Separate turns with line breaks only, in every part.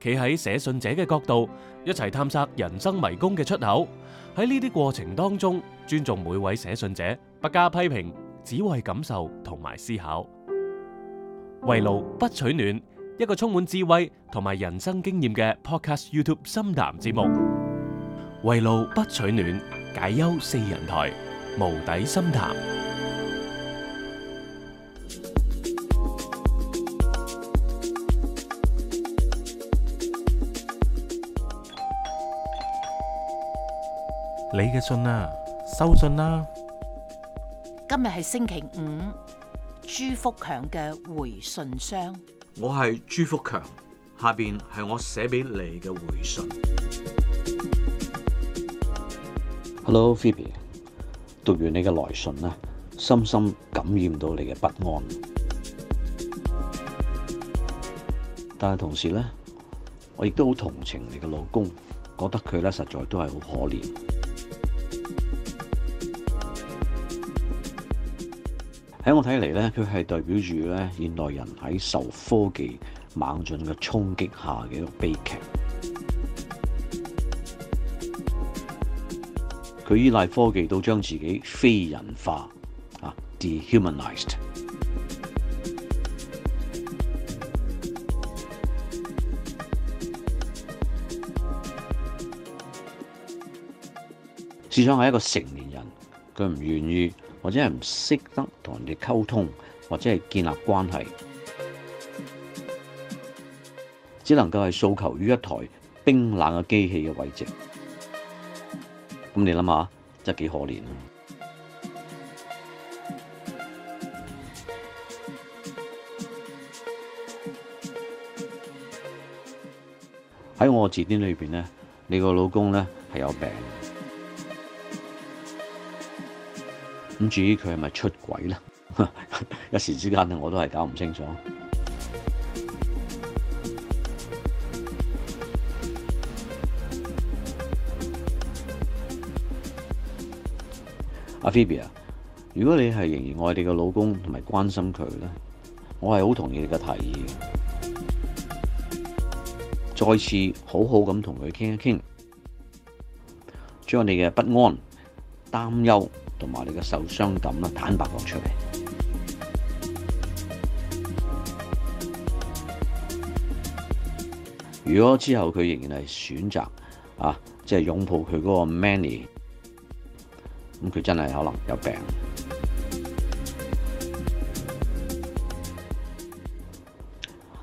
企喺寫信者嘅角度，一齊探索人生迷宮嘅出口。喺呢啲過程當中，尊重每位寫信者，不加批評，只為感受同埋思考。為路不取暖，一個充滿智慧同埋人生經驗嘅 Podcast YouTube 深談節目。為路不取暖，解憂四人台無底深談。你嘅信啦、啊，收信啦、
啊。今日係星期五，朱福強嘅回信箱。
我係朱
福強，下邊係我寫俾你嘅回信。Hello，Phoebe，讀完你嘅來信呢，深深感染到你嘅不安。但係同時咧，我亦都好同情你嘅老公，覺得佢咧實在都係好可憐。喺我睇嚟呢，佢係代表住咧，現代人喺受科技猛進嘅衝擊下嘅一個悲劇。佢依賴科技到將自己非人化啊 dehumanized，試想係一個成年人，佢唔願意。或者係唔識得同人哋溝通，或者係建立關係，只能夠係訴求於一台冰冷嘅機器嘅位置。咁你諗下，真係幾可憐啊！喺我字典裏邊咧，你個老公咧係有病。咁至於佢係咪出軌咧？一 時之間咧，我都係搞唔清楚。阿 Phoebe， 啊，如果你係仍然愛你嘅老公，同埋關心佢咧，我係好同意你嘅提議，再次好好咁同佢傾一傾，將你嘅不安、擔憂。同埋你嘅受傷感啦，坦白講出嚟。如果之後佢仍然係選擇啊，即係擁抱佢嗰個 many，咁佢真係可能有病，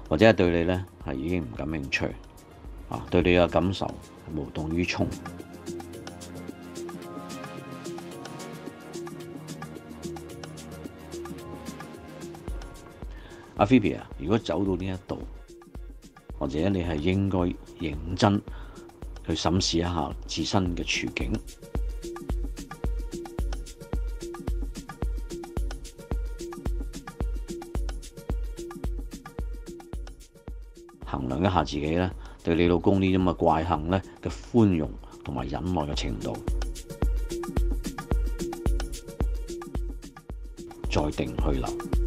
或者係對你咧係已經唔感興趣啊，對你嘅感受無動於衷。阿菲比啊，如果走到呢一度，或者你係應該認真去審視一下自身嘅處境，衡量一下自己咧，對你老公呢啲咁嘅怪行咧嘅寬容同埋忍耐嘅程度，再定去留。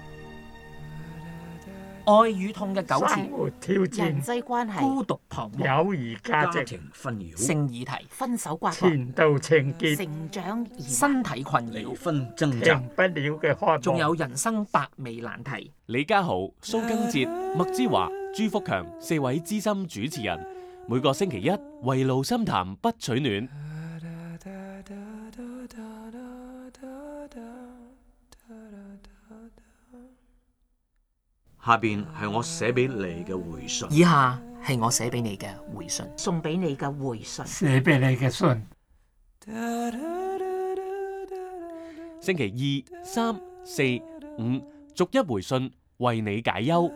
愛與痛嘅糾纏，人際關係，孤獨彷徨，友誼價值，家庭紛擾，成疑題，
分手刮擦，前
度情結，成長，身體困擾，分爭吵，受不了嘅開端，仲有人生百味難題。李家豪、蘇根哲、麥之華、朱福強四位資深主持人，每個星期一圍爐深談，不取暖。
下邊係我寫俾你嘅回信。以下
係我寫俾你嘅回
信，送俾你嘅回信，寫俾你嘅信。星期二、
三、四、五，逐一回信，為你解憂，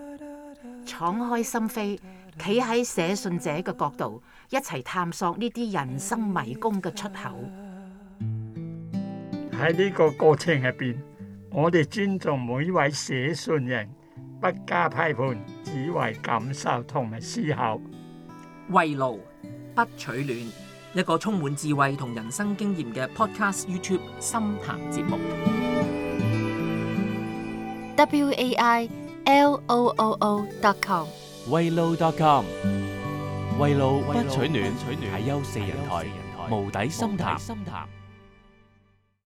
敞開心扉，企喺寫信者嘅角度，一齊探索呢啲人生迷宮嘅出口。
喺呢個過程入邊，我哋尊重每一位寫信人。不加批判，只為感受同埋思考。慰勞不取暖，一個充滿智慧同人生經驗嘅 Podcast YouTube
深談節目。w a i l o o o dot com
慰勞 dot com 慰勞不取暖係由四人台無底深談。